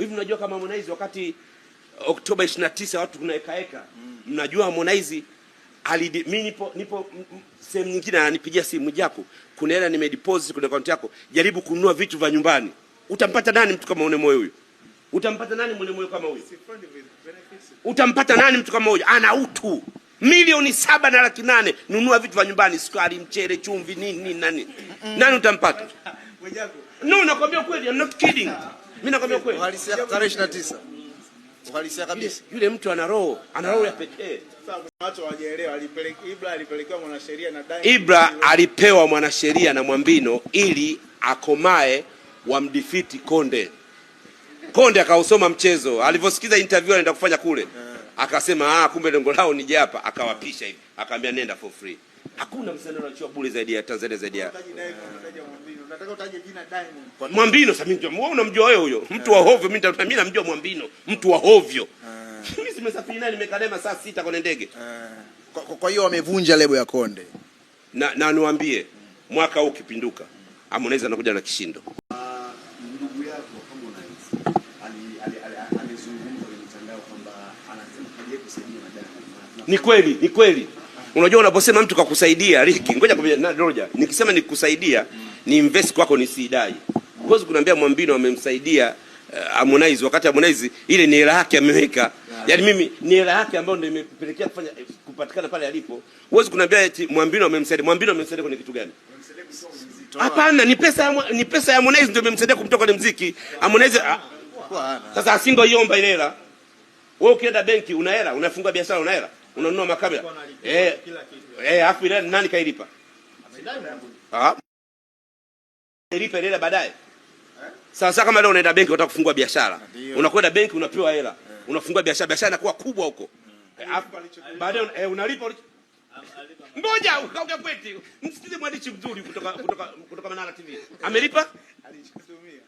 hivi. unajua kama Harmonize wakati Oktoba 29 watu kuna eka eka, mnajua Harmonize alidi mimi nipo nipo sehemu nyingine, ananipigia simu, Jaku, kuna hela nimedeposit kwenye akaunti yako, jaribu kununua vitu vya nyumbani. Utampata nani mtu kama Onemoyo huyu? Utampata nani Mwenemoyo kama huyu? Utampata nani mtu kama huyu? Ana utu milioni saba na laki nane, nunua vitu vya nyumbani, sukari, mchele, chumvi, nini nini, nani nani utampata? No, nakwambia kweli, I'm not kidding. Mimi nakwambia kweli, uhalisia tarehe 29. Uhalisia kabisa. Yule mtu ana roho, ana roho ya pekee. Sasa Watu hawajaelewa Ibra alipelekewa mwanasheria na Dai. Ibra alipewa mwanasheria na Mwambino ili akomae wamdifiti Konde. Konde akausoma mchezo. Alivyosikiza interview anaenda kufanya kule. Eh akasema ah, kumbe lengo lao ni japa, akawapisha hivi, akaambia nenda for free. Hakuna msanii anachua bure zaidi ya Tanzania, zaidi ya Mwambino. Sasa mimi unamjua wewe huyo mtu wa hovyo, mimi namjua Mwambino, mtu wa hovyo. Eh. Mimi simesafiri naye, nimekadema saa sita kwenye ndege. Eh. Kwa hiyo wamevunja lebo ya Konde na, na niwaambie mwaka huu kipinduka Harmonize anakuja na kishindo. Ah, ndugu yako kama alizungumza ni kweli, ni kweli. Unajua, unaposema mtu kakusaidia Riki, ngoja kwa Roja, nikisema nikusaidia ni invest kwako, ni nisidai. Huwezi kuniambia Mwambino amemsaidia uh, Harmonize wakati Harmonize ile ni hela yake ameweka. Yaani mimi ni hela yake ambayo ndio imepelekea kufanya eh, kupatikana pale alipo. Huwezi kuniambia eti Mwambino amemsaidia. Mwambino amemsaidia kwenye kitu gani? Hapana, ni pesa ya ni pesa ya Harmonize ndio imemsaidia kumtoka kwenye muziki. Harmonize ah, sasa asingo iomba ile hela. Wewe ukienda benki una hela, unafungua biashara una hela, unanunua makamera. Eh, eh, afu ile nani kailipa? Ah. Ilipa ile baadaye. Sasa eh? Sasa kama leo unaenda benki unataka kufungua biashara. Ah, Unakwenda benki unapewa hela. Eh. Unafungua biashara, biashara inakuwa kubwa huko. Hmm. Eh, afu baadaye eh, unalipa Ngoja ukaoga kweti. Msikize mwandishi mzuri kutoka kutoka kutoka Manara TV. Amelipa? Alichotumia.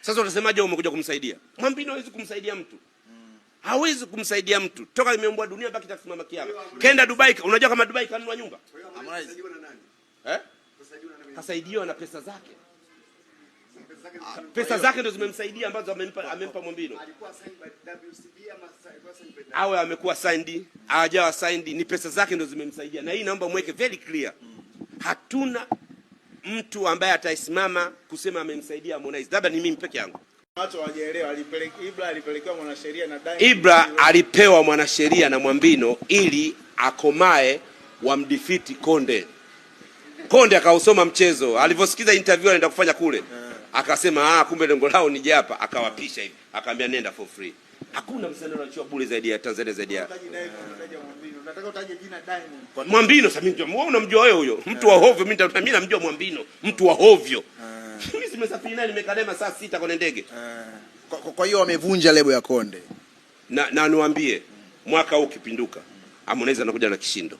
Sasa unasemaje umekuja kumsaidia? Mwambino hawezi kumsaidia mtu hawezi kumsaidia mtu toka imeumbwa dunia mpaka itasimama kiama. Kenda Dubai, unajua kama Dubai kanunua nyumba eh? kasaidiwa na pesa zake pesa zake ndo zimemsaidia ambazo amempa, amempa Mwambino awe amekuwa signed hajawa signed, ni pesa zake ndo zimemsaidia. Na hii naomba mweke very clear, hatuna mtu ambaye ataisimama kusema amemsaidia Harmonize, labda ni mimi peke yangu. Watu hawajaelewa Ibra alipelekewa mwanasheria na Diamond. Ibra alipewa mwanasheria na Mwambino ili akomae wamdifiti Konde. Konde akausoma mchezo, alivyosikiza interview anaenda kufanya kule eh. akasema ah, kumbe lengo lao nije hapa, akawapisha hivi, akaambia nenda for free. Hakuna msanii anachua bure zaidi ya Tanzania zaidi ya nataka utaje jina Diamond. Mwambino sasa mimi ndio unamjua wewe huyo mtu wa hovyo, Mimi mimi namjua Mwambino mtu wa hovyo. Nimesafiri eh. naye nimekadema saa sita kwenye ndege. Eh. Kwa hiyo wamevunja lebo ya Konde na, na niwaambie mwaka huu ukipinduka Harmonize anakuja na kishindo.